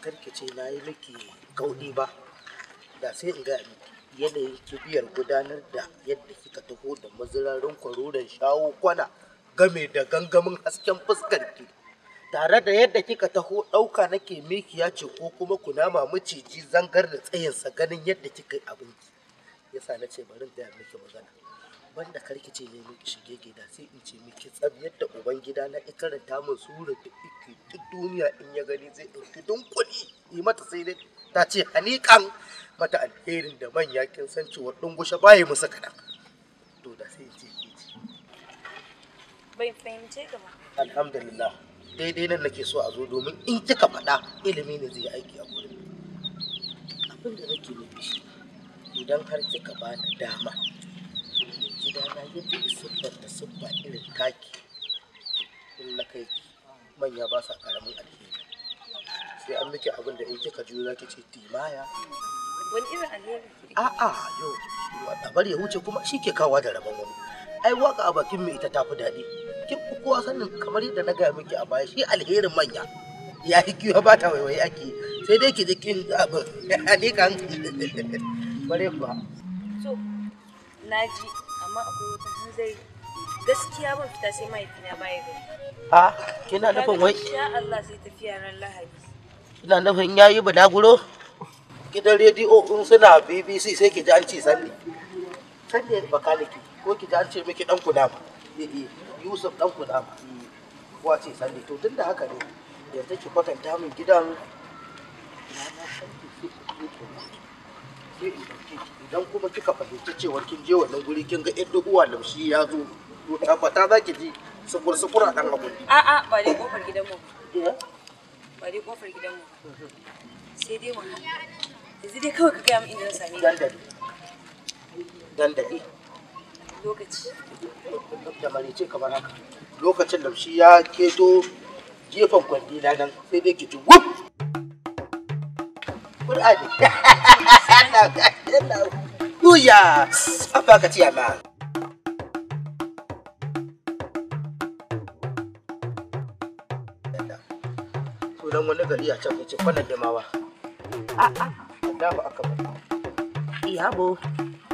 karki ce na yi miki kauli ba da sai in gaya miki yanayin kibiyar gudanar da yadda kika taho da mazirarin kwaroron shawo kwana game da gangamin hasken fuskarki tare da yadda kika taho ɗauka nake mikiya ce ko kuma kunama maciji zangar da tsayinsa ganin yadda kika yi abinki yasa na ce bari da miki magana wanda karkice ne miki shige gida sai in ce miki tsab yadda uban gida na karanta min sura da iki duk duniya in ya gani zai ɗauki dunkuli yi mata sai dai ta ce hanikan mata alherin da man yakin san cewa dungushe baya musu kaɗan to da sai in ce ki Bai fahimce gaba. ba. Alhamdulillah daidai nan nake so a zo domin in kika faɗa ilimi ne zai aiki a gurin. Abin da nake nufi idan har kika bani dama gidana yadda da siffar da siffa irin taki in na kai manya ba sa karamin alheri sai an miki abin da in kika juyo ki ce timaya wani irin alheri a'a yau a bar ya wuce kuma shi ke kawa da rabon wani ai waka a bakin mu ita tafi daɗi kin fi kowa sanin kamar yadda na gaya miki a baya shi alherin manya ya yi kiwa ba ta waiwaye ake sai dai ki ji kin abin a ne kan bare kuwa so na ji gaskiya ban fita sai mahaifina a kina nufin wai insha Allah sai tafiya ran lahadi kina nufin yayi gidan rediyo in suna BBC sai ki ji an ce sanni sanni bakaliki ko ki ji an ce miki dan kudama eh, eh, Yusuf dan kudama ko eh, ce sanni to da haka ne yanzu ki kwatanta min gidan na na ke idan kuma kika fahimci cewar kin je wannan guri kin ga yadda uwa lamshi ya zo to fata za ki ji sukur sukur a dan abun a a ba dai kofar mu eh? ba dai kofar mu sai dai wannan yanzu dai kawai ka ga mun inda na same dan dadi lokaci da marice kamar haka lokacin lamshi ya keto gefen kwandina nan sai dai ki ji wuf Hallelujah! Abakati ama. Sunan wani gari a can ce kwanan jamawa. A'a. Allahu akbar.